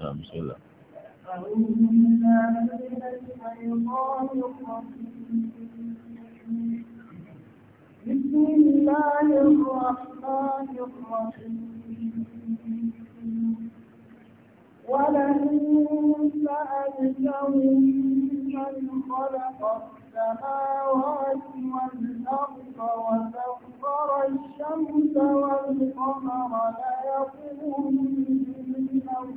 نعم بسم الله أعوذ بالله بسم الله الرحمن الرحيم ولئن سألتهم من خلق السماوات والأرض وسخر الشمس والقمر ليقولن الله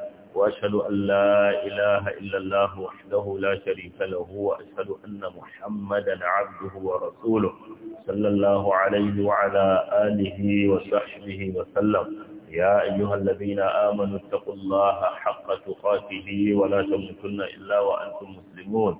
وأشهد أن لا إله إلا الله وحده لا شريك له وأشهد أن محمدا عبده ورسوله صلى الله عليه وعلى آله وصحبه وسلم يا أيها الذين آمنوا اتقوا الله حق تقاته ولا تموتن إلا وأنتم مسلمون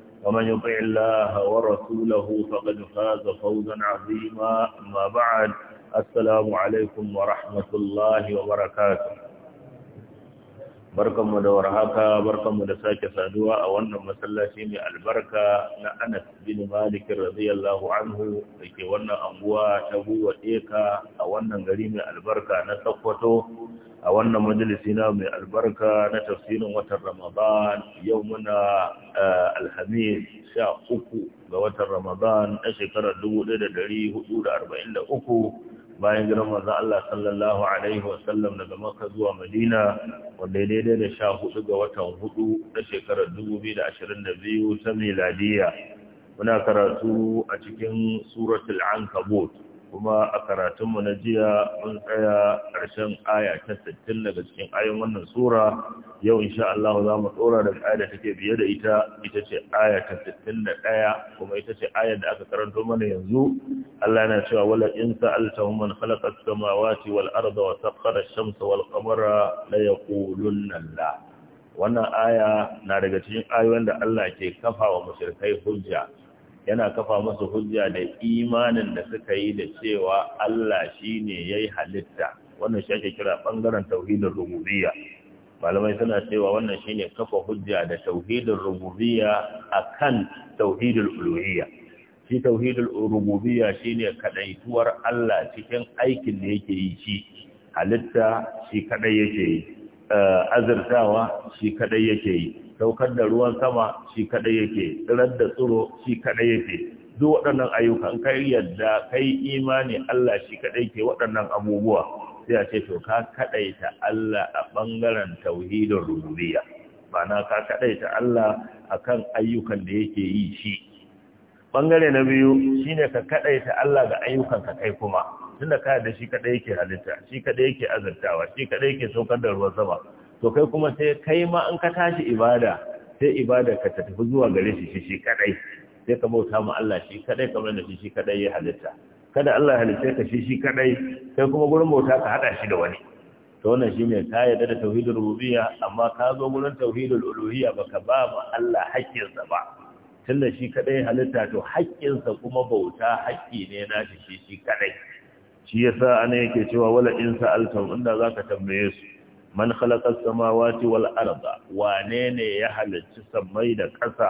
ومن يطع الله ورسوله فقد فاز فوزا عظيما أما بعد السلام عليكم ورحمة الله وبركاته barkan da warhaka barkan da sake saduwa a wannan masallaci mai albarka na Anas bin Malik radiyallahu anhu dake wannan anguwa ta Buwa Eka a wannan gari mai albarka na Sokoto a wannan majalisi na mai albarka na tafsirin watan ramadan yau muna eh, alhamis sha uku ga watan ramadan na shekarar 1443 bayan giran manzan Allah sallallahu Alaihi wasallam daga maka zuwa madina wanda daidai da sha hudu ga watan hudu na shekarar 2022 ta miladiya muna karatu a cikin suratul ankabut kuma a karatunmu na jiya mun tsaya ƙarshen aya ta sittin daga cikin ayon wannan sura yau insha Allah za mu tsora da aya da take biye da ita ita ce aya ta ɗaya, kuma ita ce aya da aka karanto mana yanzu Allah yana cewa wala in sa'altahum man khalaqa as-samawati wal arda wa sakhkhara ash-shamsa wal qamara la yaqulunna la wannan aya na daga cikin ayoyin da Allah ke kafa wa mushrikai hujja yana kafa musu hujja da imanin da suka yi da cewa Allah shi ne ya yi halitta wannan shi ake kira bangaren tauhidin rububiyya malamai suna cewa wannan shi ne kafa hujja da tauhidin rububiyya kan Tauhidin uluhiyya shi tauhidin rububiyya ne kaɗaituwar Allah cikin aikin da yake yi shi halitta shi kadai yake yi eh, Azirtawa shi kaɗai yake yi Daukar da ruwan sama shi kadai yake tsirar da tsiro shi kadai yake duk waɗannan ayyukan kai yadda kai imani Allah shi kadai ke waɗannan abubuwa sai a ce to ka kadaita Allah a bangaren tauhidin rububiyya ma'ana ka kadaita Allah akan ayyukan da yake yi shi bangare na biyu shine ka kadaita Allah ga ayyukan ka kai kuma tunda ka da shi kadai yake halitta shi kadai yake azurtawa, shi kadai yake saukar da ruwan sama to kai kuma sai kai ma an ka tashi ibada sai ibada ka ta tafi zuwa gare shi shi kadai sai ka bauta ma Allah shi kadai kamar da shi shi kadai ya halitta kada Allah ya halitta ka shi shi kadai sai kuma gurin bauta ka hada shi da wani to wannan shine ka yarda da tauhidul rububiyya amma ka zo gurin tauhidul uluhiyya baka ba ma Allah haƙƙinsa ba tunda shi kadai halitta to haƙƙinsa kuma bauta haƙƙi ne na shi shi kadai shi yasa ana yake cewa wala in sa'altum inda zaka tambaye su man khalaqa samawati wal arda wane ne ya halicci sammai da ƙasa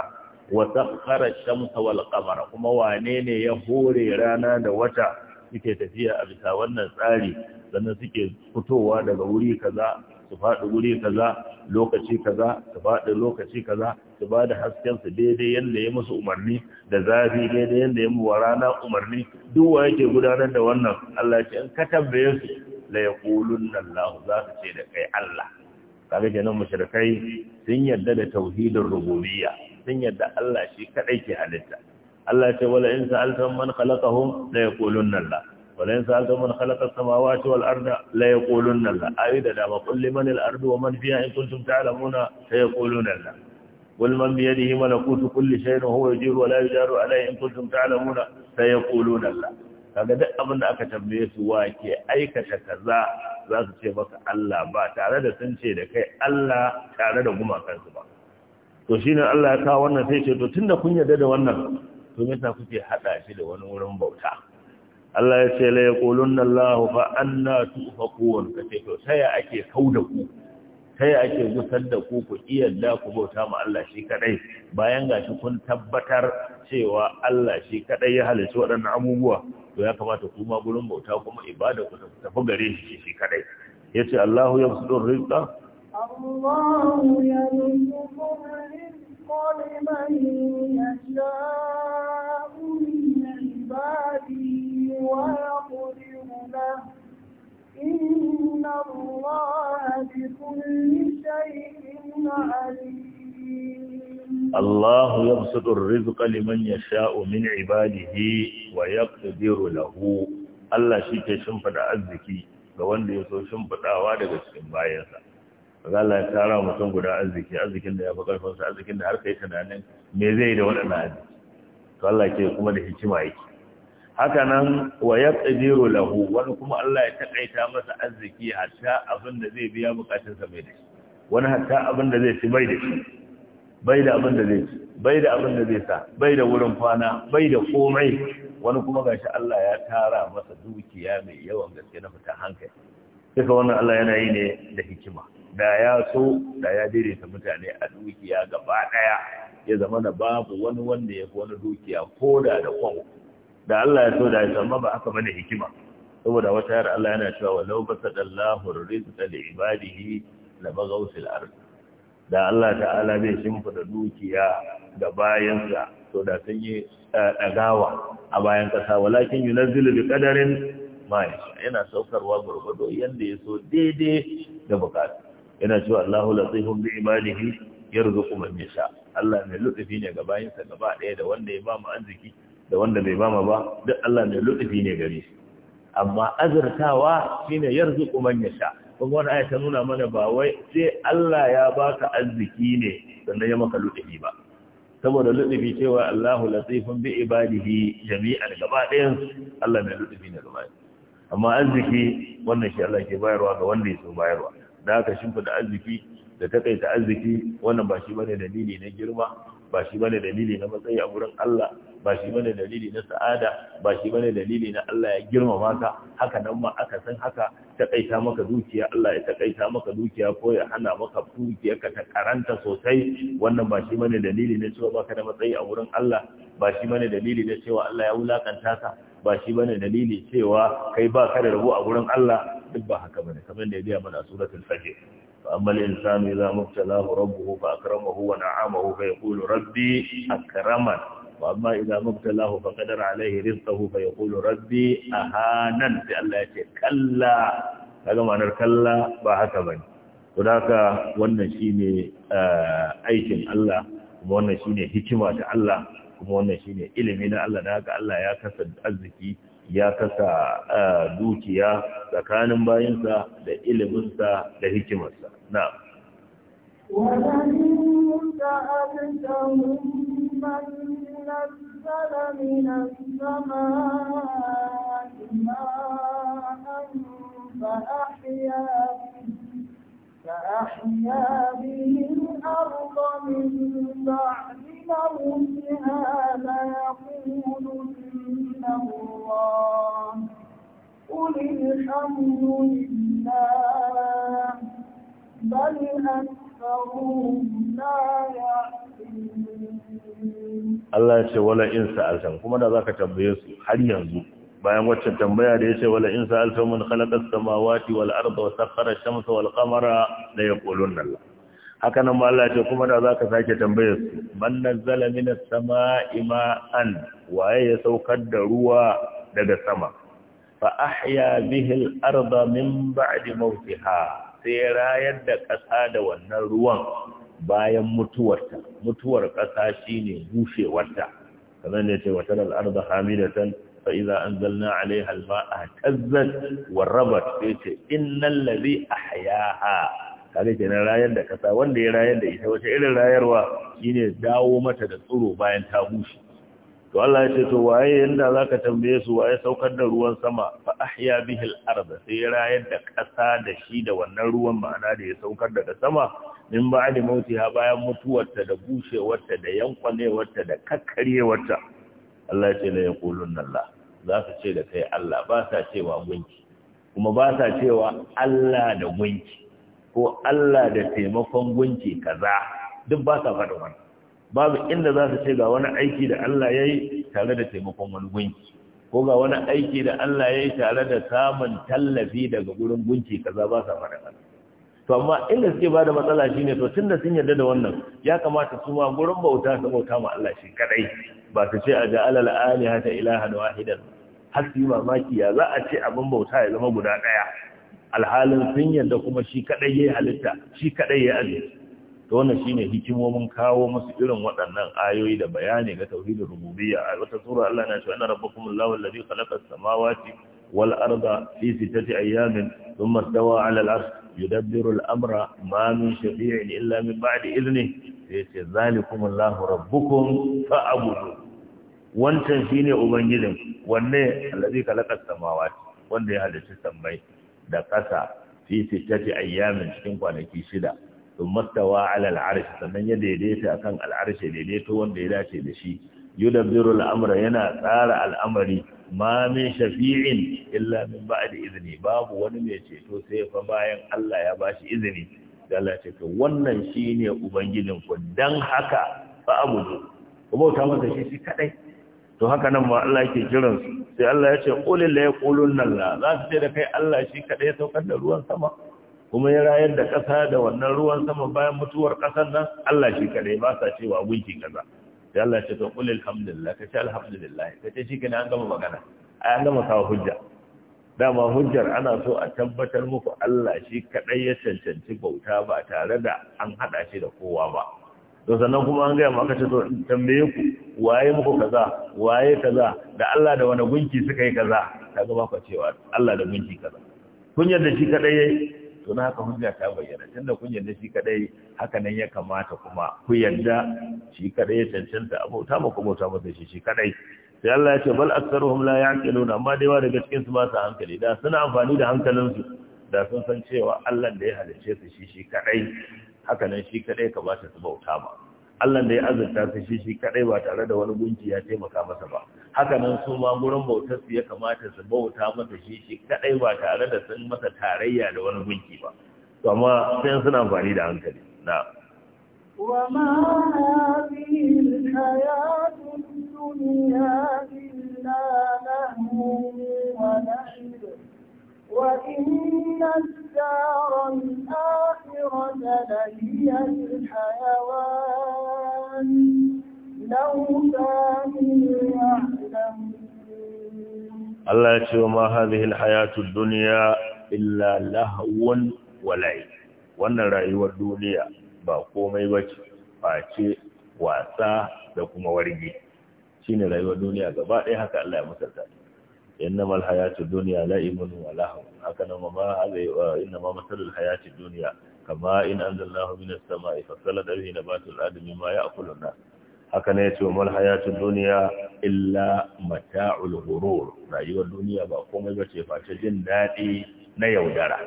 wa sakhara shamsa wal qamara kuma wane ne ya hore rana da wata suke tafiya a bisa wannan tsari sannan suke fitowa daga wuri kaza su faɗi wuri kaza lokaci kaza su faɗi lokaci kaza su ba da hasken su daidai yadda ya musu umarni da zafi daidai yadda ya mu rana umarni duk wa yake gudanar da wannan Allah ya ce in ka tambaye su la yaqulunna Allah za su ce da kai Allah kaga kenan mushrikai sun yadda da tauhidin rububiyya sun yadda Allah shi kadai ke halitta Allah ce wala in sa'altum man khalaqahum la yaqulunna Nalla. wala in sa'altum man khalaqa as-samawati wal arda la yaqulunna Allah ayi da dama kulli man al-ardu wa man fiha in kuntum ta'lamuna la yaqulunna Allah قل من بيده kulli كل شيء وهو يجير ولا يجار عليه إن كنتم تعلمون سيقولون Nalla. kaga duk abin da aka tambaye su wa ke aikata kaza za su ce maka Allah ba tare da sun ce da kai Allah tare da gumakansu ba to shine Allah ya kawo wannan sai ce to tunda kun yarda da wannan to me yasa kuke hada shi da wani wurin bauta Allah ya ce la yaqulunna Allahu fa anna tufakun kace to sai ake kaudaku ku ta ake gusar da ku ku da ku bauta ma Allah shi kadai bayan ga shi kun tabbatar cewa Allah shi kadai ya halarci waɗannan abubuwa to ya kamata ku ma gurin bauta kuma ibada ku tafi gare shi shi kadai yace Allahu ya rizqa Allahu yarzuqu rizqa liman wa الله يبسط الرزق لمن يشاء من عباده ويقدر له الله shi ke shimfida arziki ga wanda ya so shimfidawa daga cikin bayansa kaga Allah ya tara mutum guda arziki arzikin da ya fi karfin sa arzikin da har kai tunanin me zai yi da waɗannan arziki to Allah ke kuma da hikima yake haka nan wa ya lahu wani kuma Allah ya taƙaita masa arziki hatta abin da zai biya bukatunsa bai da shi wani hatta abin zai ci bai da shi bai da abin da zai ci bai da abin zai sa bai da wurin kwana bai da komai wani kuma gashi Allah ya tara masa dukiya mai yawan gaske na fitan hankali duka wannan Allah yana yi ne da hikima da ya so da ya daidaita mutane a dukiya gaba daya ya zama na babu wani wanda ya fi wani dukiya ko da da kwanku da Allah ya so da ya amma ba da bane hikima saboda wata yar Allah yana cewa "Wa law basadallahu rizqa li ibadihi la bagaw fil ard da Allah ta'ala bai shimfida dukiya da bayansa to da sun yi dagawa eh, a bayan kasa walakin yunazzilu bi qadarin ma yana saukarwa gurgudo yanda ya so daidai da bukata yana cewa Allahu latifun bi ibadihi yarzuqu man yasha Allah mai lutufi ne ga bayansa gaba ɗaya da wanda ya ba mu arziki da wanda bai bama ba duk Allah mai lutufi ne gare shi amma azurtawa shine yarzuku man yasha kuma wannan ayata nuna mana ba wai sai Allah ya baka arziki ne sannan ya maka lutufi ba saboda lutufi cewa Allahu latifun bi ibadihi jami'an gaba ɗayan Allah mai lutufi ne gaba amma arziki wannan shi Allah ke bayarwa ga wanda ya so bayarwa da haka shimfida arziki da takaita arziki wannan ba shi bane dalili na girma ba shi bane dalili na matsayi a gurin Allah ba shi bane dalili na sa'ada ba shi bane dalili na Allah ya girmama ka haka nan ma aka san haka takaita maka dukiya Allah ya takaita maka dukiya ko ya hana maka dukiya ka ta karanta sosai wannan ba shi bane dalili na cewa baka da matsayi a wurin Allah ba shi bane dalili na cewa Allah ya wulakanta ka ba shi bane dalili cewa kai ba ka da rabo a wurin Allah duk ba haka bane kamar da ya biya mana suratul fajr فأما الإنسان إذا مبتلاه ربه فأكرمه ونعمه فيقول ربي أكرمن Wa amma Iza maktalahu faƙadar alahiri rista kuka ya kula rabbi aha nan fya Allah ya ce kalla, kalla ba haka bani, wudaka wannan shine aikin Allah, kuma wannan shine hikima ta Allah, kuma wannan shine na Allah, da haka Allah ya kasa arziki ya kasa dukiya tsakanin bayinsa da iliminsa da hikimarsa na ولئن سألتهم من نزل من السماء ماء فأحيا فأحيا به من بعد موتها ليقولن الله قل الحمد لله بل أكثر Allah ya ce wala in sa'altan kuma da zaka tambaye su har yanzu bayan waccan tambaya da yace wala in sa'altan man khalaqa samawati wal arda wa sakhara ash-shamsa wal qamara la yaqulun Allah haka nan Allah ya ce kuma da zaka sake tambaye su man min as sama'i ma'an waye ya saukar da ruwa daga sama fa ahya bihi al-arda min ba'di mawtiha sai ya rayar da ƙasa da wannan ruwan bayan mutuwarta mutuwar ƙasa shine bushewarta kamar da ce wata al'arda hamidatan fa idza anzalna alaiha al a tazzat wa rabat yace innal ladhi ahyaha kaga kenan rayar da ƙasa wanda ya rayar da ita wace irin rayarwa shine dawo mata da tsiro bayan ta bushe to Allah ya ce to waye yanda zaka tambaye su waye saukar da ruwan sama fa ahya bihi al-ard sai ya rayar da kasa da shi da wannan ruwan ma'ana da ya saukar daga sama min ba'di mautiha bayan mutuwarta da bushewarta da yankwanewarta da kakkarewarta Allah ya ce la yaqulun Allah za su ce da kai Allah ba sa cewa gunki kuma ba sa cewa Allah da gunki ko Allah da taimakon gunki kaza duk ba sa faɗa wannan babu inda za su ce ga wani aiki da Allah ya yi tare da taimakon wani gunki ko ga wani aiki da Allah ya yi tare da samun tallafi daga gurin gunki kaza ba sa fara kan to amma inda suke ba da matsala ne to tun da sun yarda da wannan ya kamata su ma gurin bauta su bauta ma Allah shi kadai ba su ce a alal al-alihata ilaha wahidan har su yi mamaki ya za a ce abin bauta ya zama guda ɗaya alhalin sun yarda kuma shi kadai ya halitta shi kadai ya azizi to wannan shine hikimomin kawo musu irin waɗannan ayoyi da bayani ga tauhidin rububiyya a wata sura Allah na cewa inna rabbakumullahu alladhi khalaqa as-samawati wal arda fi sittati ayamin thumma istawa 'ala al-'arsh yudabbiru al-amra ma min shafi'in illa min ba'di idhnihi yace zalikumullahu rabbukum fa'budu wancan shine ubangijin wanne allazi khalaqa as-samawati wanda ya halicci sammai da ƙasa fi sittati ayyamin cikin kwanaki shida sun mastawa alal sannan ya daidaita akan al'arshi daidaito wanda ya dace da shi yudabbiru al'amra yana tsara al'amari ma min shafi'in illa min ba'di izni babu wani mai ceto sai fa bayan Allah ya bashi izini da Allah ce to wannan shine ubangijin ku dan haka fa abudu ku bauta masa shi shi kadai to haka nan ma Allah yake kiran su sai Allah ya ce qul la yaqulunna la za su ce da kai Allah shi kadai saukar da ruwan sama kuma ya rayar da ƙasa da wannan ruwan sama bayan mutuwar ƙasar nan Allah shi kadai ba sa cewa gunki kaza sai Allah ce to qul alhamdulillah kace alhamdulillah kace shi kenan an gama magana ai an gama sawa hujja dama hujjar ana so a tabbatar muku Allah shi kadai ya cancanci bauta ba tare da an hada shi da kowa ba to sannan kuma an gaya maka ce to tambaye ku waye muku kaza waye kaza da Allah da wani gunki suka yi kaza kaga ba ku cewa Allah da gunki kaza kun yarda shi kadai yayi to na haka hujja ta bayyana tunda kun yarda shi kadai haka nan ya kamata kuma ku yarda shi kadai ya cancanta abota ma ku bauta masa shi shi kadai sai Allah ya ce bal aktsaruhum la ya'qiluna amma dai wa daga cikin su ba su hankali da suna amfani da hankalin su da sun san cewa Allah da ya halicce su shi shi kadai haka nan shi kadai kamata su bauta ba Allah da ya azurta su shi shi kadai ba tare da wani gunki ya taimaka masa ba haka nan su ma gurin bautar su ya kamata su bauta masa shi shi kadai ba tare da sun masa tarayya da wani gunki ba to amma sai suna amfani da hankali na wa ma hadhihi al dunya illa wa Allah ce wa ma hazihin hayatun duniya illa lahawun walai wannan rayuwar duniya ba komai ba ce face wasa da kuma warge shi ne rayuwar duniya gaba ɗaya haka Allah ya musulta inna mal hayatun duniya la'imun walahun haka na ma inna ma matsalar hayatun duniya kama in an zallahu minasta ma'ifar salladar yi na batun adami maya a akulun nasu haka ne ce mal hayatud duniya illa mata'ul ghurur rayuwar duniya ba komai bace face jin daɗi na yaudara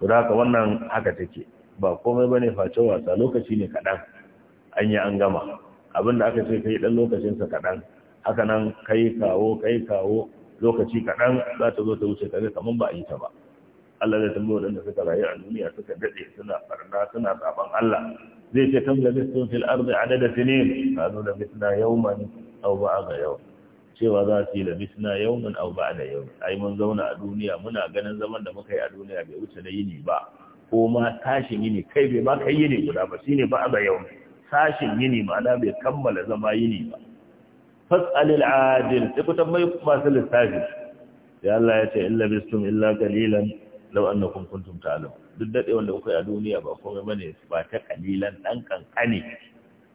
to haka wannan haka take ba komai bane face wasa lokaci ne kaɗan." an yi an gama abinda aka ce kai dan lokacin sa kadan haka nan kai kawo kai kawo lokaci kaɗan za ta zo ta wuce kaga kaman ba a yi ta ba Allah zai tambaye wadanda suka rayu a duniya suka dade suna barna suna saban Allah zai ce kam labistun fil ardi adada sinin qalu labisna yawman aw ba'da yawm cewa za su yi labisna yawman aw ba'da yawm ai mun zauna a duniya muna ganin zaman da muka yi a duniya bai wuce da yini ba ko ma tashin yini kai bai ma kai yini guda ba shine ba'da yawm sashin yini ma'ana bai kammala zama yini ba fas'alil adil sai ku tambayi masu lissafi sai Allah ya ce illa bistum illa qalilan lau na kuntum ta'lam duk dade wanda kuka a duniya ba komai bane ba ta kalilan ɗan kankane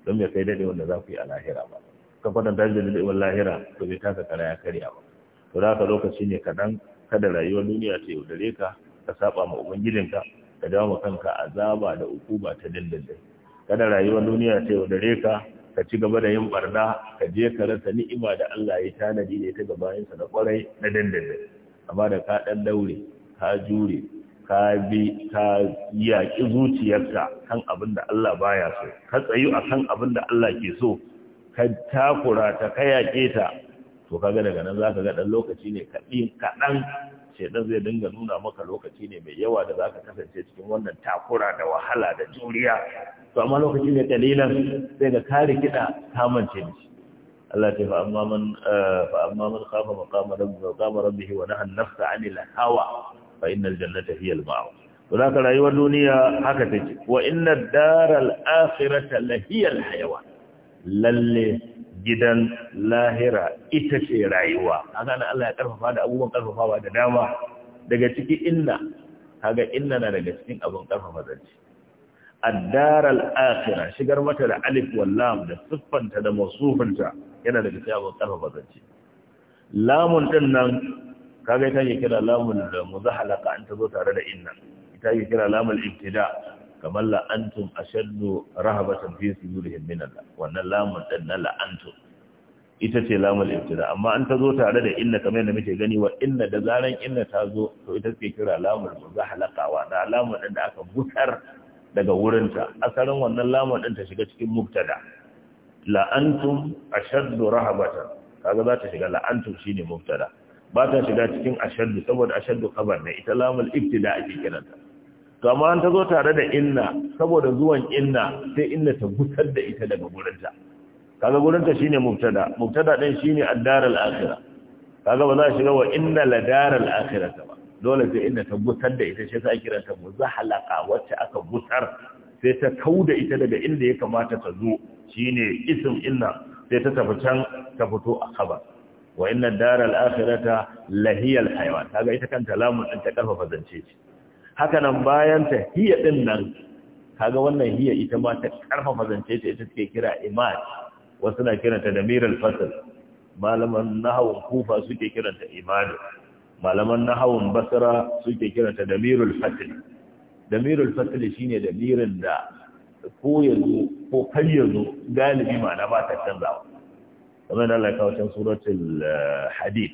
don ya kai dade wanda za ku yi a lahira ba ka kwatanta shi da dade lahira to bai taka kara ya karya ba to da ka lokaci ne kadan kada rayuwar duniya ta yaudare ka ka saba ma ubangijinka ka dawo ma kanka azaba da ukuba ta dindindin kada rayuwar duniya ta yaudare ka ka ci gaba da yin barna ka je ka rasa ni'ima da Allah ya tanadi da ta ga bayansa na kwarai na dindindin amma da ka dan daure ka jure ka bi ka yaƙi zuciyarka kan abin da Allah baya so ka tsayu a kan abin da Allah ke so ka takura ta ka yaƙe ta to kaga daga nan zaka ga dan lokaci ne kaɗin kaɗan shedan zai dinga nuna maka lokaci ne mai yawa da zaka kasance cikin wannan takura da wahala da juriya to amma lokaci ne kalilan sai ga kare kiɗa ka mance da shi Allah ta fa amma man eh, fa man khafa maqama rabbihi wa nahana nafsa 'anil hawa fa innal jannata hiya al-ma'wa to ka rayuwar duniya haka take wa inna daral akhirata la hiya al hayawa, lalle gidan lahira ita ce rayuwa kaga nan Allah ya karfafa da abubuwan karfafawa da dama daga ciki inna kaga inna na daga cikin abun karfafa zance shigar mata da متى الألف da siffanta da masufinta yana هنا ده كتاب الطرف بذلك لام تنن kaga ita ke kira lamun muzahalaka an ta zo tare da inna ita ke kira lamun ibtida kamar la antum ashaddu rahabatan fi sudurihim min Allah wannan lamun din na la antum ita ce lamun ibtida amma an ta zo tare da inna kamar yadda muke gani wa inna da zaran inna ta zo to ita ce kira lamun muzahalaka wa da lamun din da aka gutar daga wurinta asalin wannan lamun din ta shiga cikin mubtada la antum ashaddu rahabatan kaga za ta shiga la antum shine mubtada ba ta shiga cikin ashaddu saboda ashaddu khabar ne ita lamul ibtida ake kiranta to amma an ta zo tare da inna saboda zuwan inna sai inna ta gusar da ita daga gurinta kaga gurinta shine mubtada mubtada din shine ad-daral akhirah kaga ba za a shiga wa inna la daral akhirah ba dole sai inna ta gusar da ita sai sai kiranta muzahalaka wacce aka gusar sai ta kauda ita daga inda ya kamata ta zo shine ism inna sai ta tafi can ta fito a khabar wa inna daral akhirata lahiyal hayawan kaga ita kanta lamun din ta karfafa zance ce haka nan bayan ta hiya din nan kaga wannan hiya ita ma ta karfafa zance ce ita take kira imaj wasu na kiranta da miral fasl malaman nahawun kufa suke kiranta imaj malaman nahawun basra suke kiranta da mirul fasl da mirul fasl shine da mirin da ko yanzu ko kai yanzu galibi ma na ba ta canzawa kamar da Allah ya kawo can suratul eh, hadid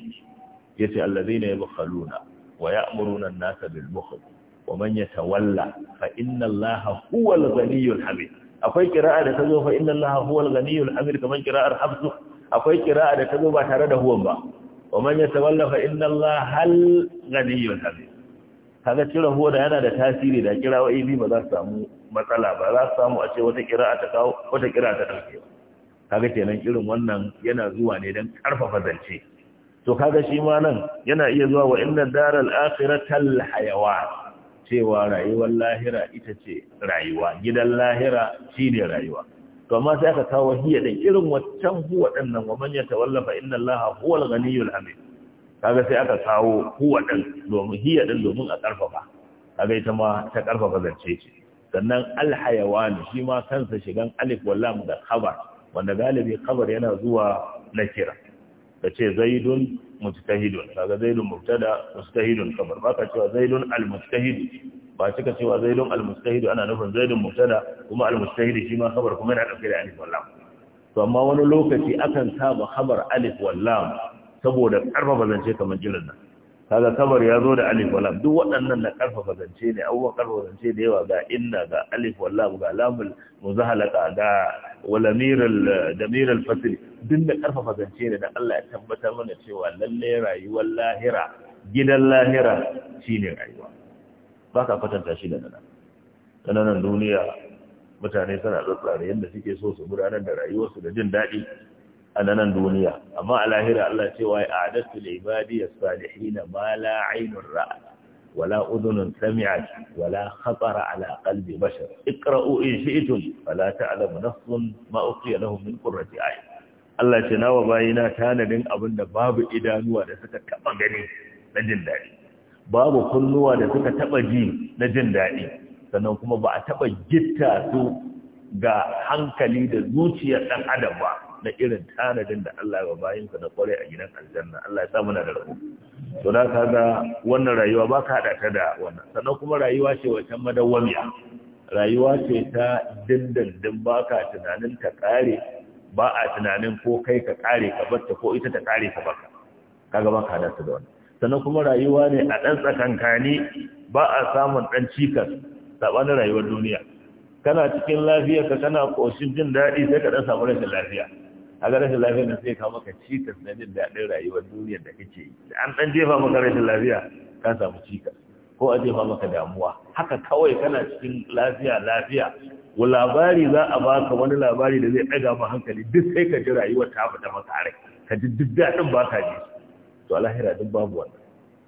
yace allazina yabkhaluna wa ya'muruna an-nasa bil bukhl wa man yatawalla fa inna Allaha huwal ghaniyyul hamid akwai kira'a da ta zo fa inna Allaha huwal ghaniyyul hamid kamar kira'ar hafsu akwai kira'a da ta zo ba tare da huwan ba wa man yatawalla fa inna Allaha al ghaniyyul hamid kaga cire huwa da yana da tasiri da kira'o'i ba za su samu matsala ba za su samu a ce wata kira'a ta kawo wata kira'a ta dauke ba kaga kenan irin wannan yana zuwa ne don karfafa zance to kaga shi ma nan yana iya zuwa wa inna daral akhiratal hayawan cewa rayuwar lahira ita ce rayuwa gidan lahira shine rayuwa to amma sai aka kawo hiya din irin waccan hu din wa man yatawallafa inna allaha huwal ghaniyyul hamid kaga sai aka kawo hu din domin hiya din domin a karfafa kaga ita ma ta karfafa zance ce sannan al hayawan shi ma kansa shigan alif wallam da khabar wanda galibi kabar yana zuwa na kira. da ce zaidun mujtahidun kaga zaidun mubtada mustahidun kabar baka cewa zaidun almujtahid ba cika cewa zaidun almujtahid ana nufin zaidun mubtada kuma almujtahid shi ma kabar kuma yana dauke da alif lam to amma wani lokaci akan saba kabar alif lam saboda karfafa zance kamar jirin nan kaga kabar ya zo da alif lam duk waɗannan na karfafa zance ne abubuwan karfafa zance da yawa ga inna ga alif lam ga lamul muzahalaka ga wa damir al-fasl din da karfafa zance ne da Allah ya tabbatar mana cewa lallai rayuwar lahira gidan lahira shine rayuwa ba ka kwatanta shi da nan sananan duniya mutane suna tsatsare yadda suke so su gudanar da rayuwarsu da jin daɗi a nanan duniya amma a lahira Allah cewa ya adatu da ibadi ya salihina ma la ainun ra'a wala udhunun sami'at wala khatara ala qalbi bashar iqra'u in shi'tum fala ta'lamu nafsun ma uqiya Allah ce nawa bayina tanadin abin da babu idanuwa da suka taba gani na jin daɗi babu kunnuwa da suka taba ji na jin daɗi sannan kuma ba a taɓa gita su ga hankali da zuciyar ɗan adam ba na irin tanadin da Allah ya bayinsa na kware a gidan aljanna Allah ya sa muna da rabo to da ka ga wannan rayuwa ba ka haɗa ta da wannan sannan kuma rayuwa ce wacan madawwamiya rayuwa ce ta dindindin ba ka tunanin ta ƙare ba a tunanin ko kai ka ƙare ka batta ko ita ta ƙare ka baka kaga ba ka haɗa ta da wannan sannan kuma rayuwa ne a ɗan tsakankani ba a samun ɗan cikas saɓanin rayuwar duniya kana cikin ka kana ƙoshin jin daɗi sai ka ɗan samu rashin lafiya a ga rashin lafiya na sai kawo maka cikas na jin daɗin rayuwar duniyar da kake yi an ɗan jefa maka rashin lafiya ka samu cikas ko a jefa maka damuwa haka kawai kana cikin lafiya lafiya wa labari za a baka wani labari da zai ɗaga ma hankali duk sai ka ji rayuwar ta fita maka rai ka ji duk daɗin ba ka ji to alahira duk babu wannan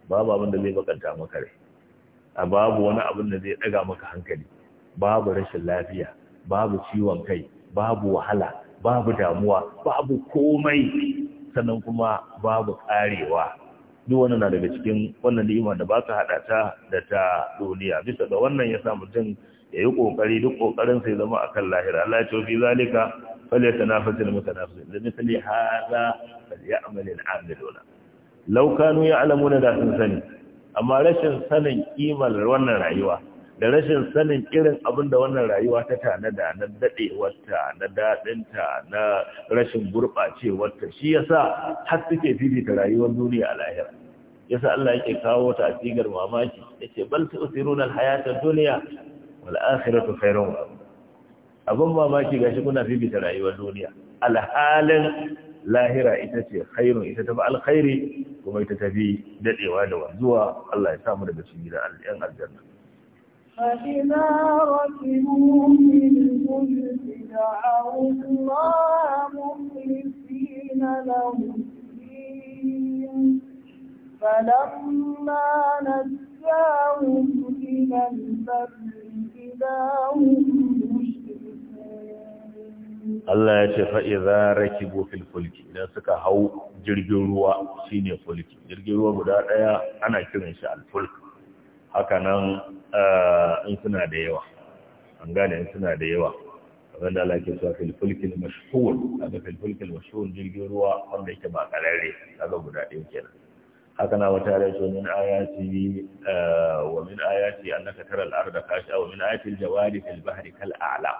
babu abin da zai bakanta maka rai a babu wani abin da zai ɗaga maka hankali babu rashin lafiya babu ciwon kai babu wahala babu damuwa babu komai sannan kuma babu karewa duk wannan na daga cikin wannan ni'ima da baka hada ta da ta duniya bisa ga wannan ya samu mutum yayi yi kokari duk kokarin sai zama akan lahira Allah ya ce fi zalika falyatanafasul mutanafisun da misali hadha falyamal al'amiluna law kanu ya'lamuna da sun sani amma rashin sanin kimar wannan rayuwa da rashin sanin irin abin da wannan rayuwa ta tanada na daɗewarta na daɗinta na rashin gurɓacewarta shi yasa har suke fifita rayuwar duniya a lahira yasa Allah yake kawo ta a sigar mamaki yace bal tu'thiruna al dunya wal akhiratu khairun abin mamaki gashi kuna fifita rayuwar duniya alhalin lahira ita ce khairun ita ta fi alkhairi kuma ita ta fi daɗewa da wanzuwa Allah ya samu daga cikin gidan aljanna فإذا ركبوا في الفلك دعوا الله مخلصين له الدين فلما نجاهم إلى البر إذا Allah ya ce fa'iza raki bofin fulki idan suka hau jirgin ruwa shine fulki jirgin ruwa guda ɗaya ana kiran shi alfulki nan eh, in suna da yawa an gane in suna da yawa kamar da Allah ke cewa fil fulkil mashhur kaga fil fulkil mashhur jirgin ruwa wanda yake ba kararre daga guda ɗaya kenan haka na wata rai so min ayati eh, wa min ayati annaka tara al-arda kashi wa min ayati al-jawari fil bahri kal a'la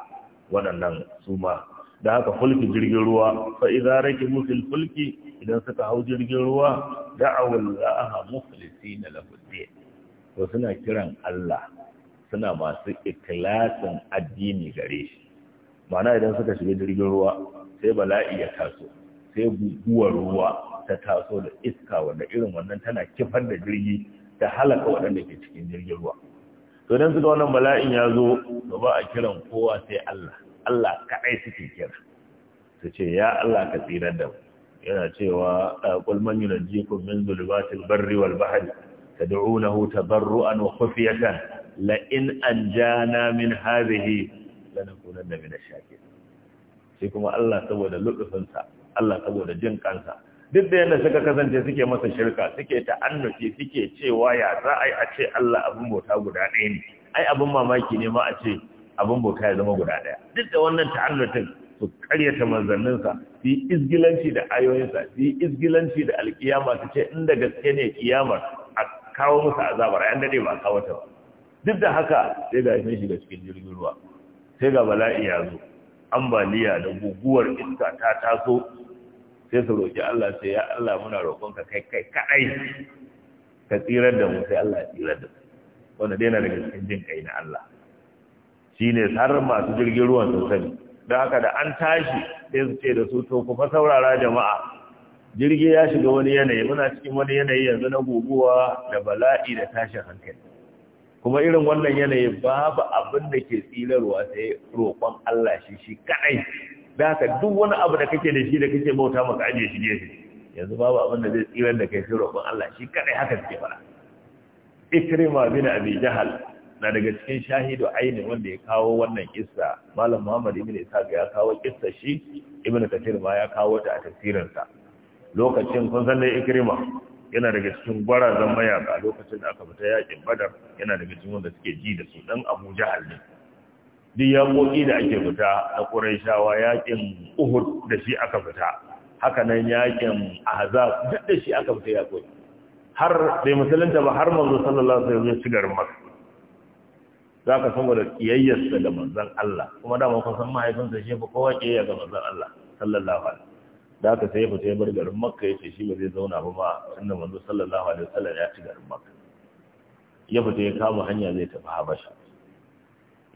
wadannan suma da haka fulki jirgin ruwa fa idza rakibu fil fulki idan suka hau jirgin ruwa da'awul Allah mukhlisina lahu din to suna kiran Allah suna masu ikilasin addini gare shi mana idan suka shiga jirgin ruwa sai bala'i ya taso sai guguwar ruwa ta taso da iska wanda irin wannan tana kifar da jirgi ta halaka waɗanda ke cikin jirgin ruwa to idan suka wannan bala'in ya zo to ba a kiran kowa sai Allah Allah kaɗai suke kira su ce ya Allah ka tsira da mu yana cewa qul man yunjikum min zulumatil barri wal bahri تدعونه تضرعا وخفية لئن أنجانا من هذه لنكونن من الشاكرين سيكم الله سوى للطفنسا Allah saboda jin kansa duk da yadda suka kasance suke masa shirka suke ta'annuki suke cewa ya za a a ce Allah abin bauta guda ɗaya ne ai abin mamaki ne ma a ce abin bauta ya zama guda ɗaya duk da wannan ta'annutin su karyata manzanninsa su yi izgilanci da ayoyinsa su yi izgilanci da alkiyama su ce inda gaske ne kiyamar kawo musu azabar an dade ba kawo ta ba duk da haka sai ga shi shiga cikin jirgin ruwa sai ga bala'i ya zo ambaliya da guguwar iska ta taso sai su roki Allah sai ya Allah muna roƙonka kai kai kadai ka tsirar da mu sai Allah ya tsirar da mu wanda dai na daga cikin jin kai na Allah shine har masu jirgin ruwan sun sani don haka da an tashi sai su ce da su to kuma saurara jama'a jirgi ya shiga wani yanayi muna cikin wani yanayi yanzu na guguwa da bala'i da tashin hankali kuma irin wannan yanayi babu abin da ke tsirarwa sai roƙon Allah shi shi kadai da haka duk wani abu da kake da shi da kake bauta maka aje shi ne yanzu babu abin da zai tsirar da kai sai roƙon Allah shi kadai haka suke fara ikrima bin abi jahal na daga cikin shahidu aini wanda ya kawo wannan kissa malam muhammad ibn isa ya kawo kissa shi ibn kathir ma ya kawo ta a tafsirinsa lokacin kun san dai ikrima yana daga cikin gwarazan mayaka lokacin da aka fita yakin badar yana daga cikin wanda suke ji da su dan abu jahal ne duk yaƙoƙi da ake fita na ƙuraishawa yakin uhud da shi aka fita haka nan yakin ahzab duk da shi aka fita yaƙoƙi har dai musulunta ba har manzo sallallahu alaihi wasallam ya shigar maka zaka san da kiyayyarsa da manzon Allah kuma da mun san mahaifinsa shi ba kowa ke ya ga manzon Allah sallallahu alaihi da aka sai fita ya bar garin makka ya ce shi ba zai zauna ba ma inda manzo sallallahu alaihi wasallam ya ci garin makka ya fita ya kama hanya zai tafi habasha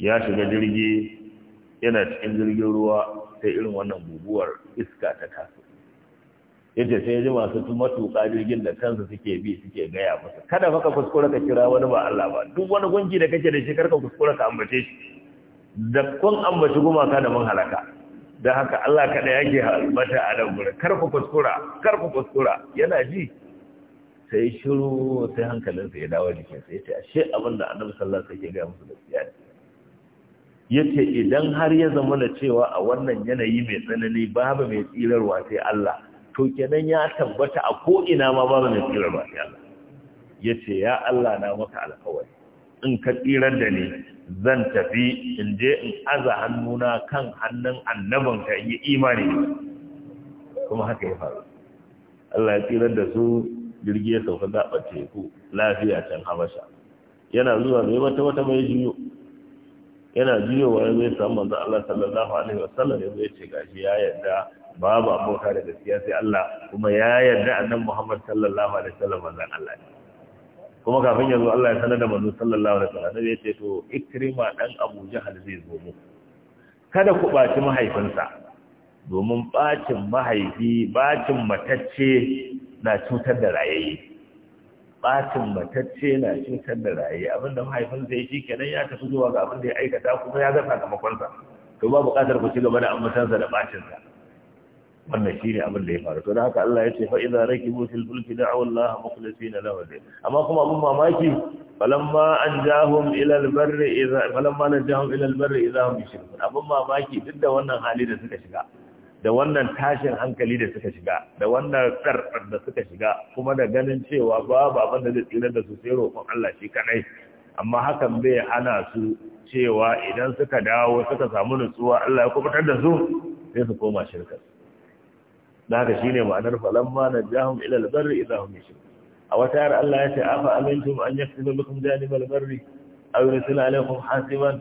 ya shiga jirgi yana cikin jirgin ruwa sai irin wannan guguwar iska ta taso yace sai ji masu matuƙa jirgin da kansu suke bi suke gaya masa kada fa ka kuskura ka kira wani ba Allah ba duk wani gunki da kake da shi karka kuskura ka ambace shi da kun ambaci gumaka da mun halaka da haka Allah kada yake halbata a da gurin karfa kuskura karfa kuskura yana ji sai shiru sai hankalinsa ya dawo jikin sai ce ashe abin da annabi sallallahu alaihi wasallam yake ga musu gaskiya ne yace idan har ya zama na cewa a wannan yanayi mai tsanani babu mai tsirarwa sai Allah to kenan ya tabbata a ko ina ma babu mai tsirarwa sai Allah yace ya Allah na maka alƙawari in ka tsirar da ni zan tafi in je in aza hannuna kan hannun annabin ka yi imani kuma haka ya faru Allah ya tsirar da su jirgi ya sauka gaɓar teku lafiya can habasha yana zuwa mai wata wata mai jiyo yana jiyo ya zai samu manzan Allah sallallahu alaihi wasallam ya zai ce gashi ya yarda babu abota da gaskiya sai Allah kuma ya yarda annan Muhammad sallallahu alaihi wasallam manzan Allah ne kuma kafin ya zo Allah ya sanar da manzo sallallahu alaihi wasallam ya ce to ikrima dan Abu Jahal zai zo mu kada ku baci mahaifinsa domin bacin mahaifi bacin matacce na cutar da rayaye bacin matacce na cutar da rayayye abinda mahaifinsa ya shi kenan ya tafi zuwa ga abin da ya aikata kuma ya ga sakamakonsa to ba buƙatar ku ci gaba da ammatansa da sa wannan shi ne abin da ya faru to da haka Allah ya ce fa idza rakibu fil fulki da'u Allah mukhlisina lahu din amma kuma abin mamaki falamma anjahum ila al barri idza falamma najahum jahun al barri idza hum yushrikun abin mamaki duk da wannan hali da suka shiga da wannan tashin hankali da suka shiga da wannan tsartsar da suka shiga kuma da ganin cewa babu abin da zai tsira da su sai roƙon Allah shi kadai amma hakan bai hana su cewa idan suka dawo suka samu nutsuwa Allah ya kubutar da su sai su koma shirkarsu da haka shi shine ma'anar falamma ilal ila albarri idahum yashur a wata yar Allah ya ce afa amintum an yaktiba bikum janibal barri aw yursila alaykum hasiban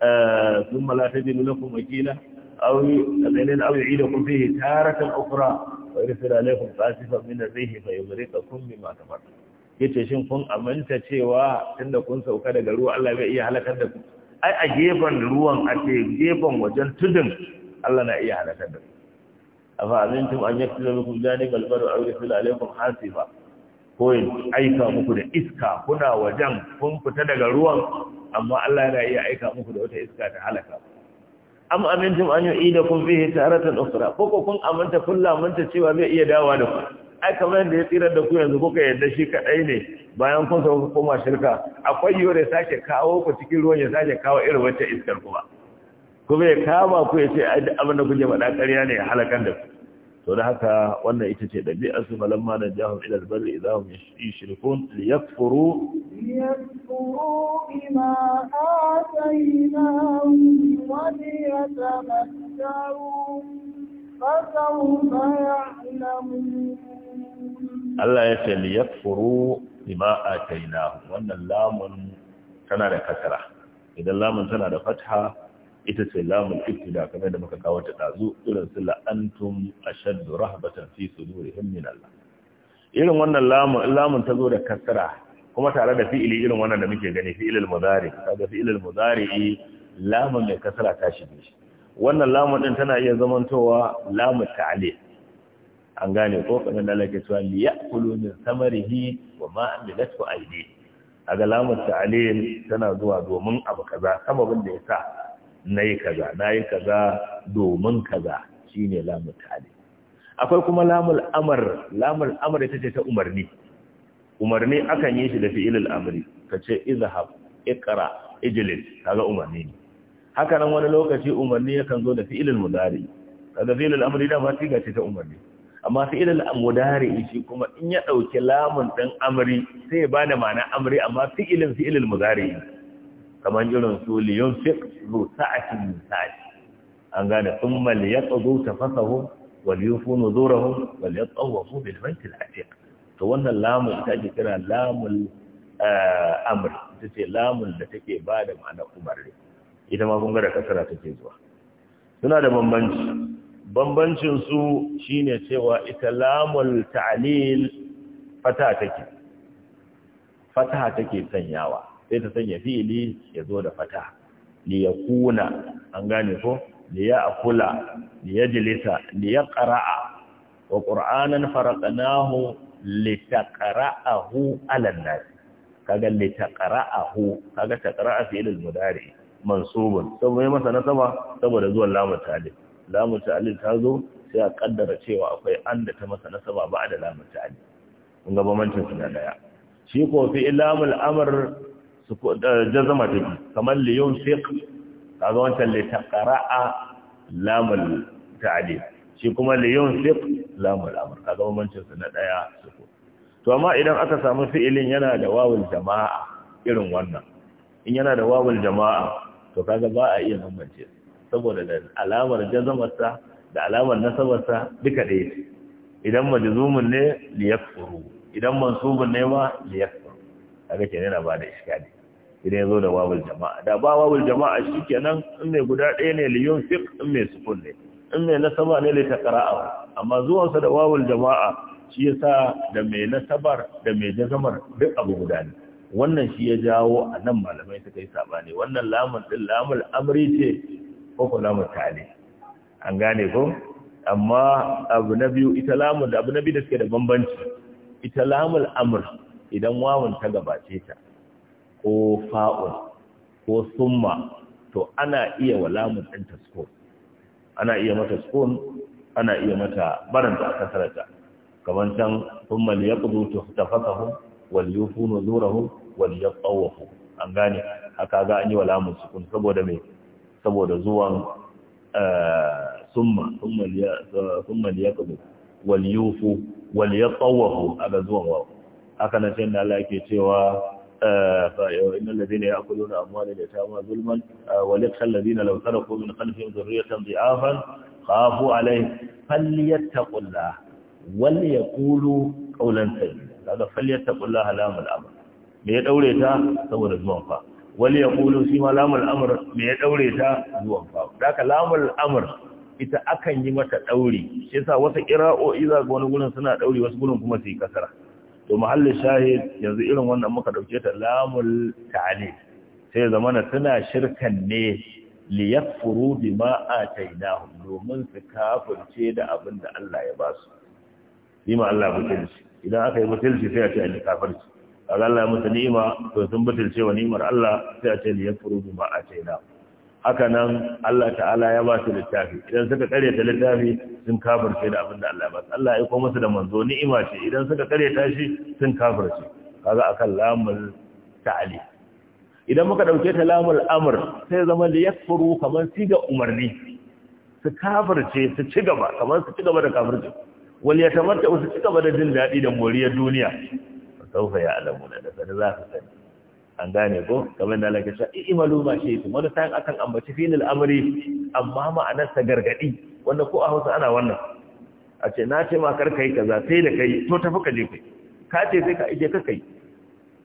eh, thumma la tajidu lakum wakila aw alailan aw yu'idukum fihi taratan ukhra wa yursila alaykum qasifan min rihi fa yughriqakum bima kafartum yace shin kun aminta cewa tunda kun sauka daga ruwa Allah bai iya halakar da ku ai a gefen ruwan a ce gefen wajen tudun Allah na iya halakar da ku afa amintum an yaktiba bikum zalika albaru aw yursila alaykum hasiba ko ya aika muku da iska kuna wajen kun fita daga ruwan amma Allah yana iya aika muku da wata iska ta halaka am amintum an yu'idakum fihi taratan ukhra ko ko kun amanta kullu amanta cewa zai iya dawowa da ku ai kamar da ya tsira da ku yanzu kuka yadda shi kadai ne bayan kun sauka koma shirka akwai yiwuwar ya sake kawo ku cikin ruwan ya sake kawo irin wata iskar kuma kuma ya kama ku ya ce abin da kuke faɗa ƙarya ne halakan da ku to da haka wannan ita ce ɗabi'ar su falan ma da jahun ilal bari idan hum yushrikun na Wani bima atainahum wa liyatamattaru fasawfa ya'lamun Allah ya ce liyakfuru bima na. wannan lamun tana da kasara idan lamun tana da fatha ita ce lamun ibtida kamar da muka kawo ta dazu irin su la'antum ashaddu rahbatan fi sudurihim min Allah irin wannan lamun lamun tazo da kasra kuma tare da fi'ili irin wannan da muke gani fi'ilul mudari kaga fi'ilul mudari lamun mai kasra ta shige shi wannan lamun din tana iya zamantowa lamun ta'lil an gane ko kamar da lake ke cewa li ya'kulu min samarihi wa ma amilatu aydi aga lamun ta'lil tana zuwa domin abu kaza sababin da yasa na yi kaza na yi kaza domin kaza shi ne lamun akwai kuma lamul amar lamul amar ita ce ta umarni umarni akan yi shi da fi'ilul amri ka ce izhab iqra ijlis kaga umarni ne haka nan wani lokaci umarni yakan zo da fi'ilul mudari kaga fi'ilul amri da ba tiga ce ta umarni amma fi'ilul mudari shi kuma in ya dauki lamun dan amri sai ya bada ma'ana amri amma fi'ilin fi'ilul mudari kamar irin su liyun fiq zu sa'atin min sa'ati an gane thumma liyaqdu tafasahum wal yufu nuzurahum wal yatawafu bil bayt al atiq to wannan lamu ta ke kira lamul eh, amr ita ce lamun da take ba da ma'anar umarni ita ma kun ga da ta ke zuwa suna da bambanci bambancin su shine cewa ita lamul ta'alil fata take fataha take sanyawa sai ta sanya fi'ili ya zo da fata li yakuna an gane ko li ya'kula li jilisa, li ƙara'a. wa qur'anan faraqnahu li taqra'ahu 'ala kaga li taqra'ahu kaga taqra'a fi'il mudari mansubun saboda masa sama saboda zuwan lamu ta'lil lamu ta'lil ta zo sai a ƙaddara cewa akwai an da ta masa sama ba da lamu ta'lil kun ga bambancin su daya shi ko fi ilamul Eh, jazama take kamar liyun fiq kaga wancan li taqra'a lamul ta'dil shi kuma liyun fiq lamul amr kaga bambancin su na ɗaya suku to amma idan aka samu fi'ilin yana da wawul jama'a irin wannan in yana da wawul jama'a to kaga ba a iya bambance saboda da alamar jazamarsa da alamar nasabarsa duka ɗaya idan majzumun ne liyakfuru idan mansubun ne ma liyakfuru kaga kenan yana ba da iskali idan ya zo da wawul jama'a da ba wawul jama'a shi kenan in mai guda ɗaya ne liyun fiq in mai sukun ne in mai nasaba ne ta qira'a amma zuwansa da wawul jama'a shi yasa da mai nasabar da mai jazamar duk abu guda ne wannan shi ya jawo a nan malamai suka yi sabani wannan lamun din lamul amri ce ko ko lamul tali an gane ko amma abu na biyu ita lamun da abu na biyu da suke da bambanci ita lamul amr idan wawun ta gabace ta ko fa'un ko summa to ana iya walamun lamun ɗin sukun ana iya mata sukun ana iya mata baranta a kasarata kamar can summa ya kudu ta fasahu wal zura nuzurahu wal ya tsawafu an gane haka ga an yi walamun lamun sukun saboda mai saboda zuwan eh, summa summa ya kudu wal yufu wal ya tsawafu zuwan wawu haka na can da Allah yake cewa إن الذين يأكلون أموال اليتامى ظلما وليخشى الذين لو تركوا من خلفهم ذرية ضعافا خافوا عليهم فليتقوا الله وليقولوا قولا سديدا هذا فليتقوا الله لام الأمر me ya daure ta saboda zuwan fa wali ya kulu shi ma lamul amr me ya daure ta zuwan fa ita akan yi mata dauri shi yasa wasu qira'o'i za ga wani gurin suna dauri wasu gurin kuma su yi kasara to mahallin shahid yanzu irin wannan muka dauke ta lamul ta'ali sai zamana tana shirkan ne li yakfuru bima domin su kafirce da abin da Allah ya ba su nima Allah mutunci idan aka yi mutunci sai a ce an kafirci kaga Allah ya mutu ni'ima to sun mutunce wa ni'imar Allah sai a ce li yakfuru bima haka nan Allah ta'ala ya ba su littafi idan suka kare ta littafi sun kafirce da abin da Allah ya ba su Allah ya kuma musu da manzo ni'ima ce idan suka kare ta shi sun kafirce kaga akan lamul ta'ali idan muka dauke ta lamul amr sai zama da yakfuru kamar siga umarni su kafirce su ci gaba kamar su ci gaba da kafirce wal yatamatta su ci gaba da jin dadi da moriyar duniya sauka ya alamu da sanin za su sani an gane ko kamar da Allah ya i i'malu ma shaytum wani sai akan ambaci filil amri amma ma'anar sa gargadi wanda ko a Hausa ana wannan a ce na ce ma kar kai kaza sai da kai to tafi ka je kai ka ce sai ka ije ka kai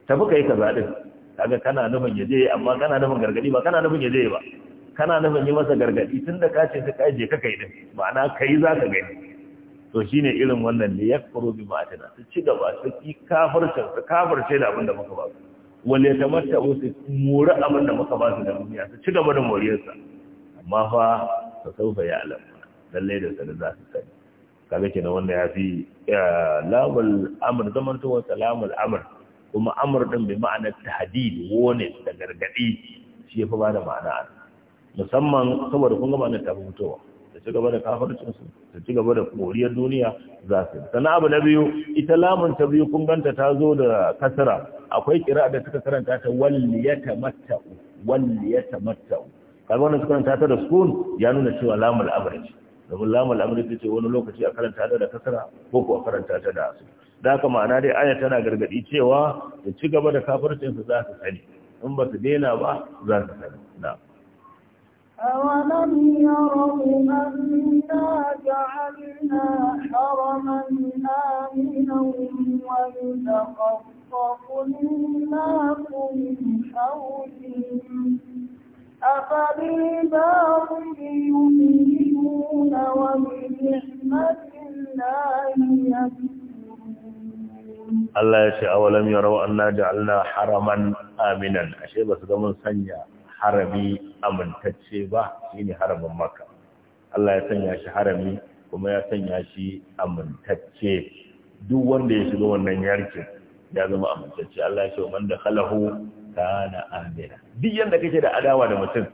tafi kai kaza din kaga kana nufin ya je amma kana nufin gargadi ba kana nufin ya je ba kana nufin yi masa gargadi tunda ka ce sai ka ije ka kai din ma'ana kai za ka gani to shine irin wannan ne ya kuro bi ma'atina su ci gaba su ki kafircin su kafirce da abin da muka ba su wale ta mata wasu mura abin da maka ba su da duniya su ci gaba da moriyarsa amma fa ta saufa ya alamu lallai da sani za su sani kaga kenan wanda ya fi lamul zaman zamantowar salamul amur kuma amur din ma'ana ma'anar tahdid wone, da gargadi shi ya fi ba da ma'ana a musamman saboda kun ga ma'anar ta fitowa da ci gaba da kafircinsu da ci gaba da moriyar duniya za su sana abu na biyu ita lamun ta biyu kun ganta ta zo da kasara akwai kira da suka karanta ta walli ya tamatta walli ya tamatta kaga wannan suka karanta ta da sukun ya nuna cewa lamul amri ce domin lamul amri ta ce wani lokaci a karanta ta da kasara ko ko a karanta ta da asu da haka ma'ana dai aya tana gargadi cewa da ci gaba da kafircin su za su sani in ba su daina ba za su sani na أولم يروا Allah ya ce, "Awalam yi rawa Allah da Allah haraman aminan, ashe ba su zama sanya harami amintacce ba shi ne haramin maka. Allah ya sanya shi harami kuma ya sanya shi amintacce duk wanda ya shiga wannan yarkin. ya zama amintacce Allah ya ce man da khalahu kana amina duk yanda kake da adawa da mutum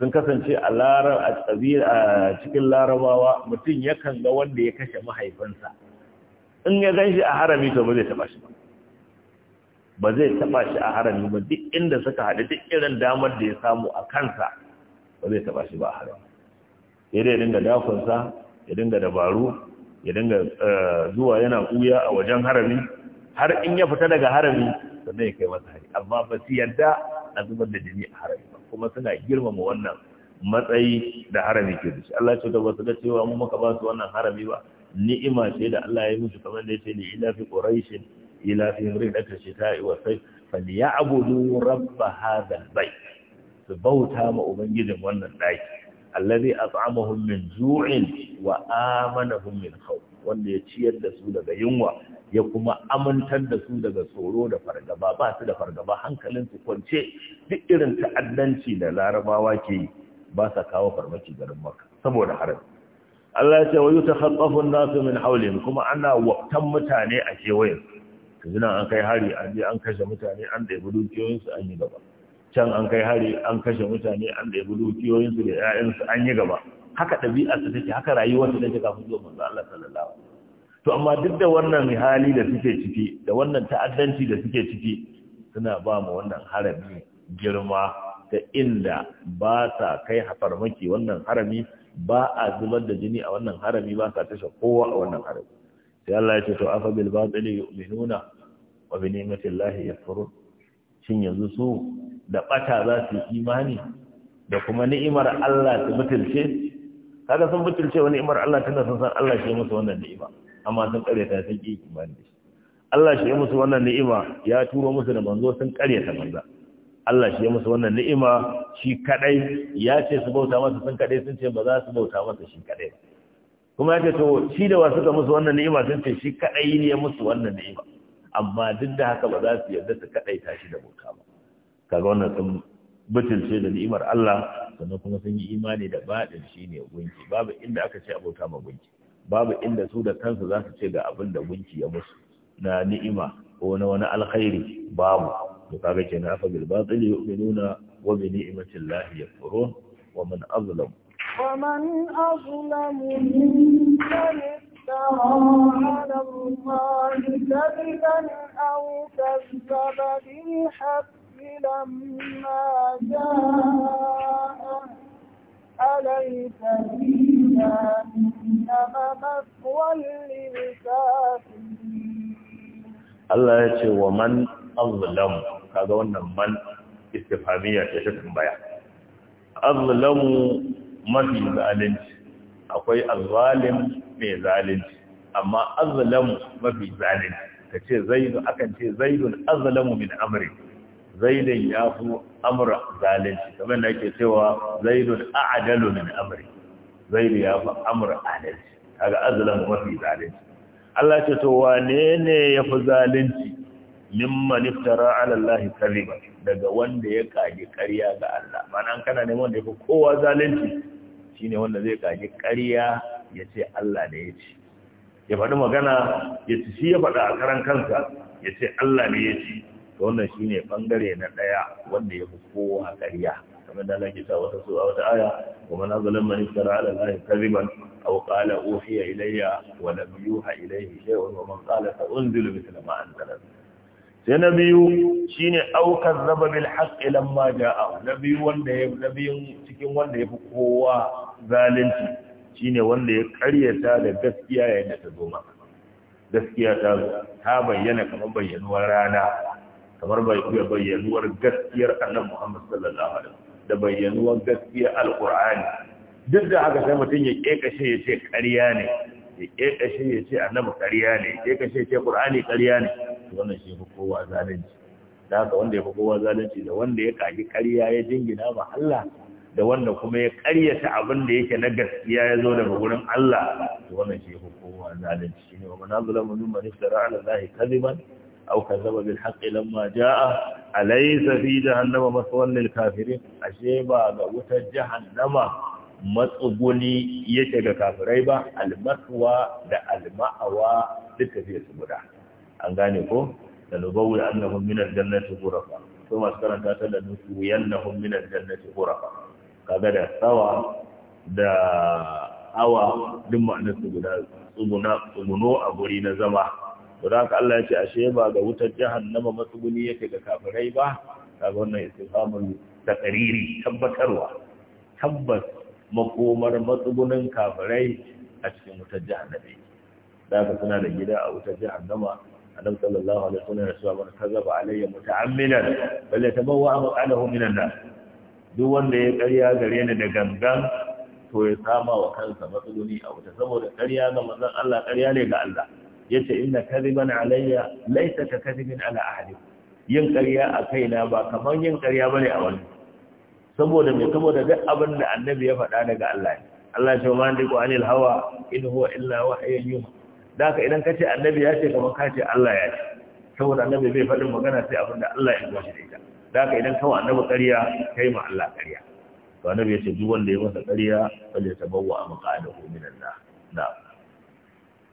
sun kasance a larar a tsabir a cikin larabawa mutum yakan ga wanda ya kashe mahaifinsa in ya gan shi a harami to ba zai taba shi ba zai taba shi a harami ba duk inda suka hadu duk irin damar da ya samu a kansa ba zai taba shi ba a harami ya dai dinga dakunsa, ya dinga dabaru ya dinga eh, zuwa yana kuya a wajen harami har in ya fita daga harami sannan ya kai masa hari amma ba su yadda a zubar da jini a harami ba kuma suna girmama wannan matsayi da harami ke da shi Allah ce da wasu ga cewa mu muka ba su wannan harami ba ni'ima ce da Allah ya yi musu kamar da ya ce ni ila fi quraishin ila fi ridaka shita'i wa sai falyabudu rabba hadha albayt su bauta ma ubangijin wannan daki allazi at'amahum min ju'in wa amanahum min khawf wanda ya ciyar da su daga yunwa ya kuma amintar da su daga tsoro da fargaba ba su da fargaba hankalin su kwance duk irin ta'addanci da larabawa ke yi ba sa kawo farmaki garin maka saboda harin Allah ya ce wa yuta nasu min haulin kuma ana waktan mutane a kewayen yanzu nan an kai hari an je an kashe mutane an dukiyoyin dukiyoyinsu an yi gaba can an kai hari an kashe mutane an dukiyoyin dukiyoyinsu da 'ya'yansu an yi gaba haka ɗabi'arsa take haka rayuwarsa take kafin zuwa manzo Allah sallallahu alaihi to amma duk da wannan hali da suke ciki da wannan ta'addanci da suke ciki suna ba mu wannan harami girma ta inda ba sa kai hafarmaki wannan harami ba a zubar da jini a wannan harami ba sa tashi kowa a wannan harami sai Allah ya ce to afa bil batili yu'minuna wa bi ni'mati llahi yakfurun shin yanzu su da bata za su imani da kuma ni'imar Allah su mutunce kaga sun butulce wani imar Allah tana sun san Allah shi musu wannan ni'ima amma sun ta sun ki imani da shi Allah shi musu wannan ni'ima ya turo musu da manzo sun ta manzo Allah shi musu wannan ni'ima shi kadai ya ce su bauta masa sun kadai sun ce ba za su bauta masa shi kadai ba kuma ya ce to shi da wasu ka musu wannan ni'ima sun ce shi kadai ne ya musu wannan ni'ima amma duk da haka ba za su yarda su kadai tashi da bauta ba kaga wannan sun butulce da ni'imar Allah sannan kuma sun yi imani da baɗin shi ne gunki babu inda aka ce abota ma gunki babu inda su da kansu za su ce ga abin da gunki ya musu na ni'ima ko na wani alkhairi babu to kaga kenan afa bil batil yu'minuna wa bi ni'mati llahi yakfurun wa man azlam wa man azlam mimman على الله كذبا أو كذب بالحق لما جاء أليس في جهنم مثوى للكافرين الله يقول ومن أظلم هذا هو من استفهامية تشكل بيان أظلم mafi zalunci akwai azalim mai zalunci amma azlamu mafi zalunci zaidun akan ce zaidun azlamu min amri zaidun ya fi amra zalunci kamar da ake cewa zaidun a'adalu na amri zaidu ya fi amra adalci kaga azalin mafi zalunci Allah ce to wane ne ya fi zalunci mimman iftara alallahi kariba daga wanda ya kaji karya ga Allah Mana an kana neman wanda fi kowa zalunci shine wanda zai kaji karya ya ce Allah ne ya ce ya faɗi magana ya ci. shi ya faɗa a karan kansa ya ce Allah ne ya ce wannan shi ne ɓangare na ɗaya wanda ya fi kowa ƙarya kamar da Allah ke sa wata su a wata aya kuma na zalan mani iftara ala Allah kadiban aw qala uhiya ilayya wa lam yuha ilayhi shay'un wa man qala sa unzilu mithla ma anzala sai na biyu shine aw kazzaba bil haqq lamma ja'a na biyu wanda ya na cikin wanda ya fi kowa zalunci shine wanda ya karyata da gaskiya yayin da ta zo maka gaskiya ta ta bayyana kamar bayyanuwar rana kamar bai kuwa bayyanuwar gaskiyar annabi Muhammad sallallahu alaihi wasallam da bayyanuwar gaskiyar alqur'ani duk da haka sai mutun ya kekashe ya ce ƙarya ne ya kekashe ya ce annabi ƙarya ne ya kekashe ya ce qur'ani ƙarya ne wannan shi kowa zalunci da haka wanda ya fi kowa zalunci da wanda ya kaki ƙarya ya jingina ba Allah da wanda kuma ya ƙaryata abin da yake na gaskiya ya zo daga gurin Allah wannan shi ya fi kowa zalunci shine wa manazalamu min iftara ala allahi kadhiban أو كذب بالحق لما جاء أليس في جهنم مثوى للكافرين أشيبا غوت جهنم matsuguni yake ga kafirai ba almaswa da alma'awa duka zai su guda an gane ko da nubawu da annahun minar jannati hurafa to masu karanta ta da nufu yannahun minar jannati hurafa kaga da tsawa da awa duk a guri na zama to da haka Allah ya ce ashe ba ga wutar jahannama matsuguni yake ga kafirai ba ga wannan ta taqriri tabbatarwa tabbas makomar matsugunin kafirai a cikin wutar jahannama da haka suna da gida a wutar jahannama annabi sallallahu alaihi wasallam ya ce man kazaba alayya muta'ammilan bal yatabawwa maqalahu minan nar duk wanda ya karya gare ni da gangan to ya sama wa kansa matsuguni a wuta saboda karya ga manzon Allah karya ne ga Allah yace inna kadhiban alayya laysa ka kadhibin ala ahli yin ƙarya a kaina ba kaman yin ƙarya bane a wani saboda me saboda duk abin da annabi ya faɗa daga Allah ne Allah ya ce ma ndi ko anil hawa in huwa illa wahyun yuha daka idan kace annabi ya ce kaman kace Allah ya ce saboda annabi bai faɗin magana sai abin da Allah ya shi da ita daka idan wa annabi ƙarya kai ma Allah ƙarya to annabi ya ce duk wanda ya masa ƙarya fa ya tabawwa maqadahu minan nar na'am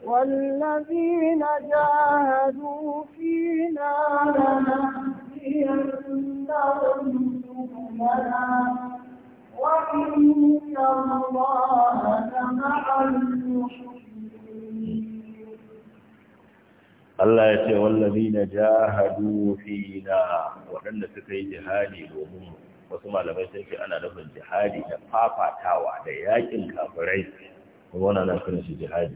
والذين جاهدوا فينا لنا Allah ya ce wallazi na jahadu fina waɗanda suka yi jihadi domin wasu malamai sai ana nufin jihadi da fafatawa da yakin kafirai wannan nan kuma shi jihadi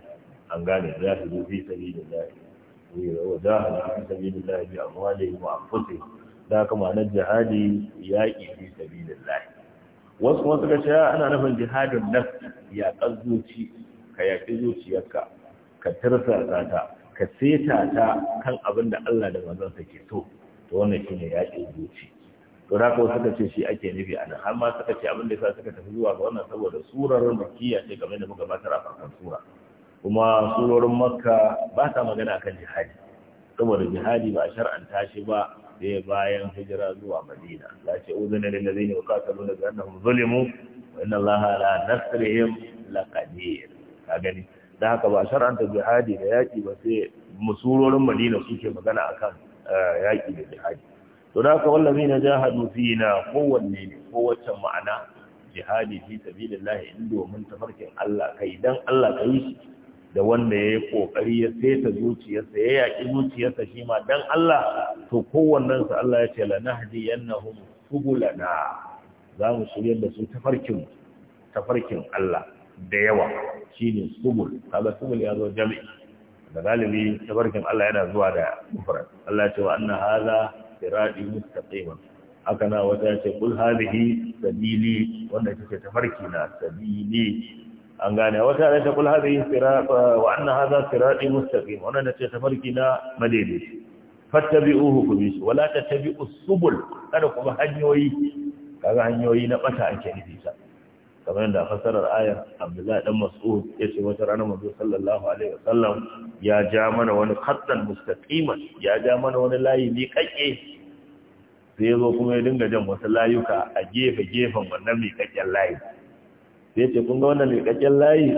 an gane za su zo fi sabi da lahi wa jahada fi sabi da lahi bi amwalihim wa anfusihim da haka na jihadi yaƙi fi sabi da wasu kuma suka ce ana nufin jihadin nan ya ƙazzoci ka yaƙi zuciyarka ka tirsasa ta ka seta ta kan abin da Allah da sa ke so to wannan ya yaƙin zuci to da suka ce shi ake nufi a nan har ma suka ce abin da ya sa suka tafi zuwa ga wannan saboda surar makiyya ce game da muka batar a farkon sura kuma surorin makka ba ta magana kan jihadi saboda jihadi ba a shar'anta shi ba sai bayan hijira zuwa madina la ce ne lil ladina yuqataluna bi annahum zulimu wa inna allaha ala nasrihim laqadir ka gani dan haka ba shar'anta jihadi da yaki ba sai musurorin madina suke magana akan eh, yaki da jihadi to da haka na jahadu fina kowanne ne kowace ma'ana jihadi fi sabilillah in domin tafarkin Allah kai dan Allah kai shi da wanda ya yi ƙoƙari ya saita zuciyarsa ya yaƙi zuciyarsa shi ma don Allah to kowannensu Allah ya ce la nahdi yannahum subulana za mu shirya da su tafarkin tafarkin Allah da yawa shine subul kaga subul ya zo Jami. da galibi tafarkin Allah yana zuwa da mufrad Allah ya ce wa anna hadha sirati mustaqiman haka na wata ce kul hadhihi sabili wanda take tafarki na sabili an gane wata da ta kula hadhihi sirat wa anna hadha sirati mustaqim wannan ce tafarki na madaidaici fattabi'uhu ku bi wala tattabi'u subul kada kuma hanyoyi kaga hanyoyi na bata ake nufi sa kamar da fasarar ayar Abdullahi dan Mas'ud yace wata rana manzo sallallahu alaihi wasallam ya ja mana wani khattan mustaqiman ya ja mana wani layi mai kakke sai zo kuma ya dinga jan wasu layuka a gefe gefen wannan mai kakken layi sai ce kun ga wannan miƙaƙƙen layi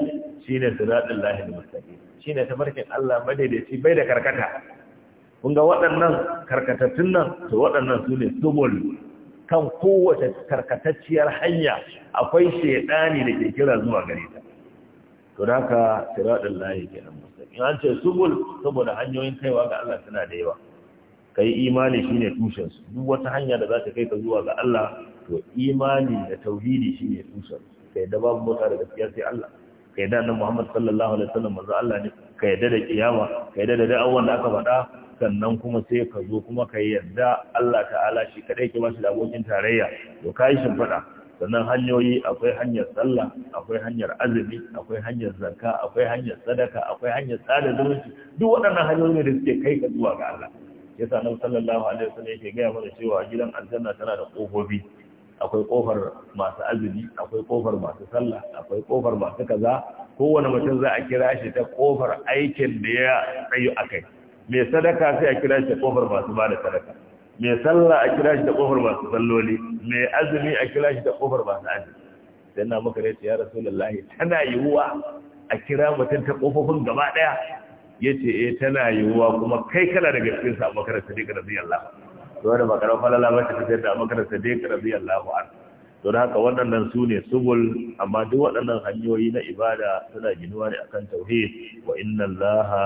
shine siratul lahi Shi ne tafarkin Allah madaidaici bai da karkata kun ga waɗannan karkatattun nan to waɗannan su ne subul kan kowace karkatacciyar hanya akwai shaidani da ke kira zuwa gare ta to da haka siratul lahi kenan mustaqim an ce subul saboda hanyoyin kaiwa ga Allah suna da yawa kai imani shine tushen su duk wata hanya da za ta kai ka zuwa ga Allah to imani da tauhidi shine tushen su ka yadda babu mota da gaskiya sai Allah ka yadda annabi Muhammad sallallahu alaihi wasallam manzo Allah ne ka yadda da kiyama ka yadda da duk abubuwan da aka faɗa sannan kuma sai ka zo kuma ka yadda Allah ta'ala shi kadai ke bashi da abokin tarayya to kai shi faɗa sannan hanyoyi akwai hanyar sallah akwai hanyar azumi akwai hanyar zakka akwai hanyar sadaka akwai hanyar tsada zumunci duk waɗannan hanyoyi ne da suke kai ka zuwa ga Allah yasa nan sallallahu alaihi wasallam yake gaya mana cewa gidan aljanna tana da kofofi akwai kofar masu azumi akwai kofar masu sallah akwai kofar masu kaza kowane mutum za a kira shi ta kofar aikin da ya tsayu a kai mai sadaka sai a kira shi ta kofar masu ba sadaka mai sallah a kira shi ta kofar masu salloli mai azumi a kira shi ta kofar masu azumi sai na maka rai ya rasulullahi tana yiwuwa a kira mutum ta kofofin gaba daya yace eh tana yiwuwa kuma kai kana daga cikin sa abubakar sadiq radiyallahu anhu to da bakar falala ba ta tafiyar da abubakar sadiq radiyallahu anhu to da haka waɗannan su ne subul amma duk waɗannan hanyoyi na ibada suna ginuwa ne akan tauhid wa inna allaha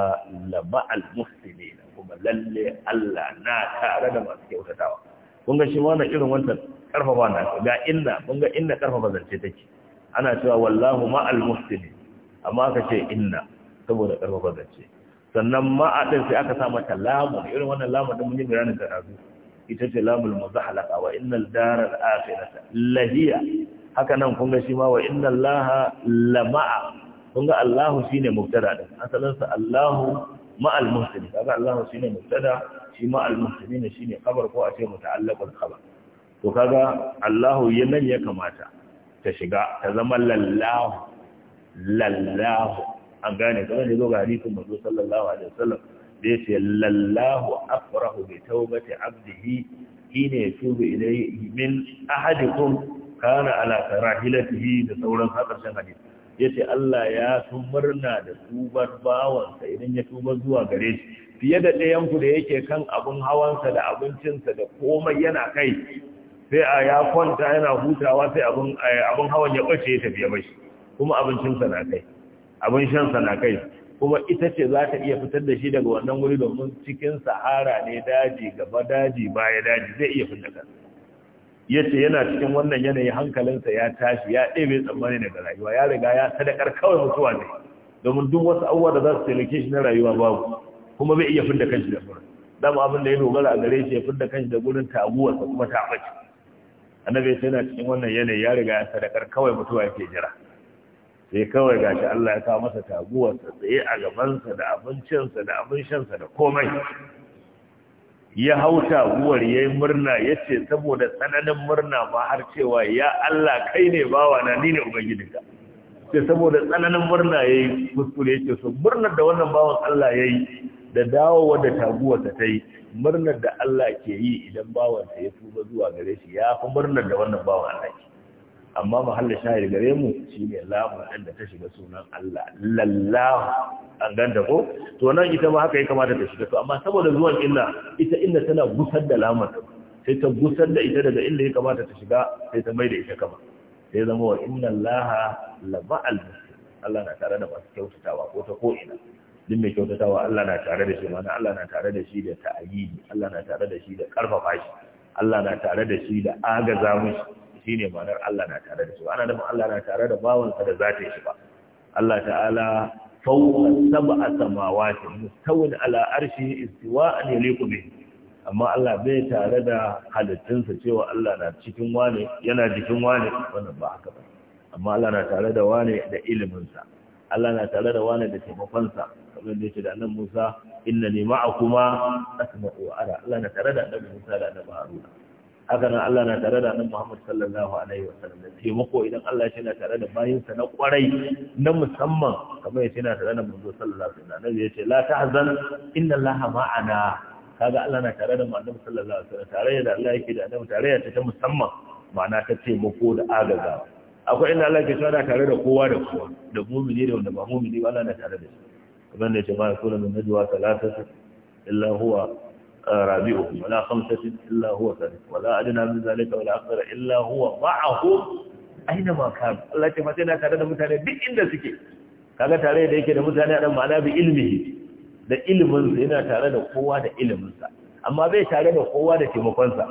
la ma'al muslimin kuma lalle Allah na tare da masu kyautatawa kun ga shi wannan irin wannan karfafa na ga inna kun ga inna karfafa zance take ana cewa wallahu ma'al muslimin amma aka ce inna saboda karfafa zance sannan ma'a din sai aka sa mata lamu irin wannan lamu din mun yi bayanin karatu. ita ce lamul muzahalaka wa innal daral akhirata lahiya haka nan kun ga shi ma wa innal laha lamaa kun ga allahu shine mubtada din asalin sa allahu ma'al muhsini kaga allahu shine mubtada shi al muhsini shine khabar ko a ce muta'allaqul khabar to kaga allahu yanan ya kamata ta shiga ta zama lallahu lallahu an gane kaga ne zo ga hadisin manzo sallallahu alaihi wasallam da ya ce lallahu afrahu bi taubati abdihi hina yatubu ilayhi min ahadikum kana ala karahilatihi da sauran hakarshen hadisi yace Allah ya su murna da tubar bawansa idan ya tuba zuwa gare shi fiye da ɗayan ku da yake kan abun hawansa da abincinsa da komai yana kai sai a ya kwanta yana hutawa sai abun eh, abun hawan ya bace ya tafi ya bashi kuma abincinsa na kai abin shansa na kai kuma ita ce za ta iya fitar da shi daga wannan wuri domin cikin sahara ne daji gaba daji baya daji zai iya fitar da ya ce yana cikin wannan yanayi hankalinsa ya tashi ya ɗebe tsammani daga rayuwa ya riga ya sadakar kawai mutuwa ne domin duk wasu abubuwa da za su taimake shi na rayuwa babu kuma bai iya fidda kanshi da gurin dama abin da ya dogara a gare shi ya fidda kanshi da gurin taguwarsa kuma ta ɓace annabi sai yana cikin wannan yanayi ya riga ya sadakar kawai mutuwa yake jira sai kawai gashi Allah ya kawo masa taguwarsa tsaye a gabansa da abincinsa da abin shansa da komai ya hau taguwar ya yi murna ya ce saboda tsananin murna ma har cewa ya Allah kai ne bawa na ni ne sai saboda tsananin murna ya yi kuskure ya ce so murnar da wannan bawan Allah ya yi da dawowa da taguwarsa ta yi murnar da Allah ke yi idan bawansa ya tuba zuwa gare shi ya fi murnar da wannan bawan Allah ke amma mahallin shahid gare mu shine lamun ɗin da ta shiga sunan Allah lallahu an ganta ko to nan ita ma haka ya kamata ta shiga to amma saboda zuwan illa ita inda tana gusar da lamun sai ta gusar da ita daga inda ya kamata ta shiga sai ta mai da ita kama sai zama wa inna laha la ma'al Allah na tare da masu kyautatawa ko ta ko ina duk mai kyautatawa Allah na tare da shi mana Allah na tare da shi da ta'ayidi Allah na tare da shi da karfafa shi Allah na tare da shi da agaza mushi Shi ne ma'anar Allah na tare da su ana da Allah na tare da bawansa da zata shi ba Allah ta'ala fawqa sab'a samawati mustawin ala arshi istiwa'an yaliqu bihi amma Allah bai tare da halittunsa cewa Allah na cikin wane yana jikin wane wannan ba haka ba amma Allah na tare da wane da iliminsa Allah na tare da wane da taimakonsa kamar da yake da annabi Musa innani ma'akuma asma'u ara Allah na tare da annabi Musa da annabi Haruna haka nan Allah na tare da nan Muhammad sallallahu alaihi wasallam da taimako idan Allah shi na tare da bayinsa na kwarai na musamman kamar yace na tare da manzo sallallahu alaihi wasallam annabi yace la tahzan inna Allah ma'ana kaga Allah na tare da manzo sallallahu alaihi wasallam tare da Allah yake da annabi tare da ta musamman ma'ana ta taimako da agaga. akwai inda Allah ke tsara tare da kowa da kowa da mu'mini da wanda ba mu'mini ba Allah na tare da shi kamar da yace ma yakuna min najwa salatatu illa huwa رابعهم ولا خمسة إلا هو ثالث ولا أدنى من ذلك ولا أكثر إلا هو معه أينما كان الله كما سينا كان هذا بإن ذلك kaga tare da yake da mutane بإلمه ma'ana bi da ilimin sa yana tare da kowa da ilimin sa amma bai tare da kowa da taimakon sa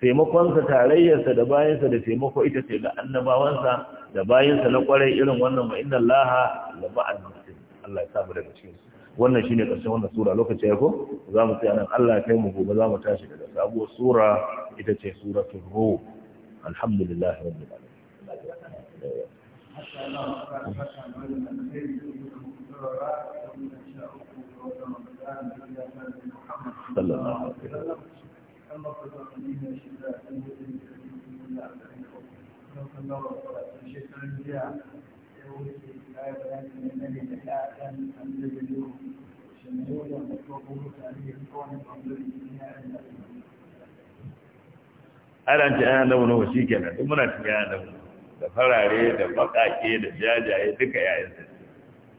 taimakon sa tarayyar sa da bayin sa da taimako ita ce ga annabawan sa da bayin sa na kwarai irin wannan ma inna allaha la ma'al muslimin Allah ya sa mu daga cikin su wannan shine ƙarshen wannan sura lokaci ya ko za mu tsaya nan Allah ya kai mu gobe za mu tashi daga sabuwar sura ita ce suratul rum alhamdulillah rabbil alamin aran ana yana launin wasu kenan duk muna cikin ana launin da farare da bakake da jajaye duka sa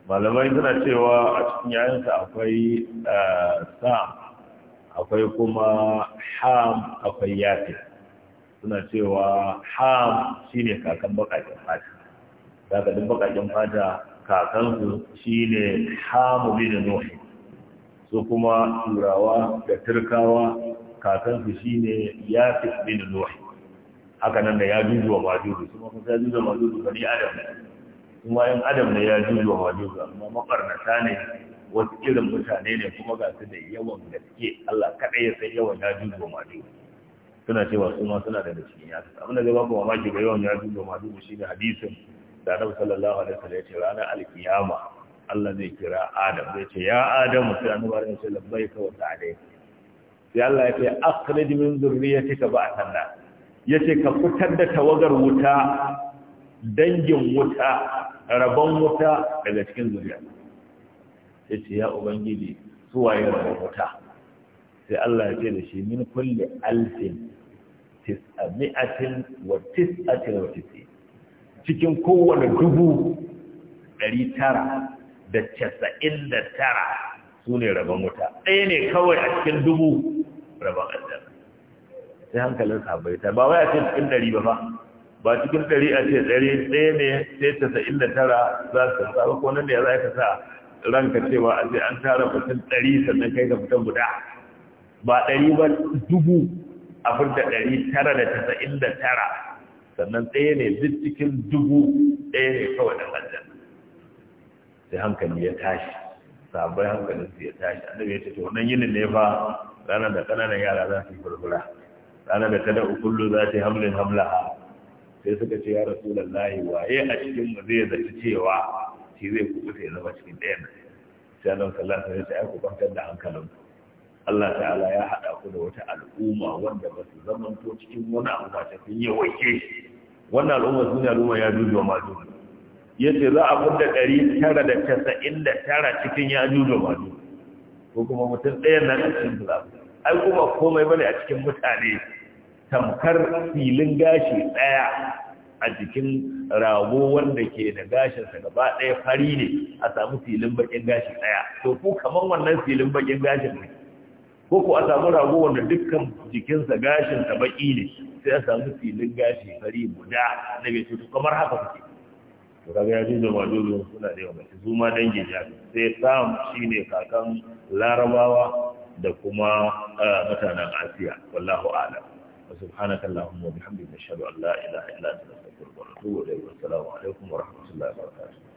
malamai suna cewa a cikin sa akwai eh, sa akwai kuma ham akwai yafe suna cewa ham shine kakan bakake fata daga duk bakakin fata kakansu ne hamu bin nuhi su kuma turawa da turkawa kakansu shine yasif bin nuhi haka nan da ya juju wa majuju su kuma ya juju wa majuju bani adam kuma yan adam ne ya juju wa majuju amma makarnata ne wasu irin mutane ne kuma ga su da yawan gaske Allah kaɗai ya san yawan ya juju wa suna cewa su ma suna daga cikin yasif abin da zai ba ku mamaki ga yawan ya juju wa shi ne hadisin da na sallallahu alaihi wasallam ya ce ranar alkiyama Allah zai kira Adam zai ce ya Adam sai annabi sallallahu alaihi wasallam bai ka wata dai sai Allah ya ce akhrij min zurriyatika ba'atan yace ka fitar da tawagar wuta dangin wuta rabon wuta daga cikin zuriya yace ya ubangiji suwaye rabon wuta sai Allah ya ce da shi min kulli alfin mi'atin wa tis'atin wa tis'in cikin kowane dubu ɗari tara da casa'in da tara su ne rabon wuta ɗaya ne kawai a cikin dubu rabon aljanna sai hankalin sabai ta ba wai a ce cikin ɗari ba ba cikin ɗari a ce ɗari ɗaya ne sai casa'in da tara za su sa ba nan da ya za ka sa ranka cewa a ce an tara mutum ɗari sannan kai ka fitan guda ba ɗari ba dubu abin da ɗari tara da tasa'in da tara sannan ɗaya ne duk cikin dubu ɗaya ne kawai ɗan aljanna sai hankali ya tashi sabai hankalin su ya tashi annabi ya ce to wannan yinin ne fa ranar da ƙananan yara za su yi furfura ranar da kada ukullu za ta yi hamlin hamlaha sai suka ce ya rasu lallahi waye a cikin mu zai zaci cewa shi zai kuɓuta ya zama cikin ɗaya sai annabi sallallahu ta ya ce ai ku kwantar da ku Allah ta'ala ya haɗa ku da wata al'umma wanda ba su to cikin wani abu ba sun yi wake wannan al'umma sun yi al'umma ya juju wa maju ya ce za a kunda ɗari tara da casa'in da tara cikin ya juju wa maju ko kuma mutum ɗaya na a cikin zuwa ai kuma komai bane a cikin mutane tamkar filin gashi ɗaya a cikin rago wanda ke da gashinsa gaba ɗaya fari ne a samu filin bakin gashi ɗaya to ku kamar wannan filin bakin gashin ne ko ko a samu rago wanda dukkan jikinsa gashin ta baki ne sai a samu filin gashi fari guda na bai cutu kamar haka kuke to kaga ya jinjo ma dole suna da yawa mace su ma dangin ya sai sam shine kakan larabawa da kuma mutanen asiya wallahu a'lam wa subhanaka allahumma wa bihamdika ashhadu an la ilaha illa anta astaghfiruka wa atubu ilayk wa assalamu alaikum wa rahmatullahi wa barakatuh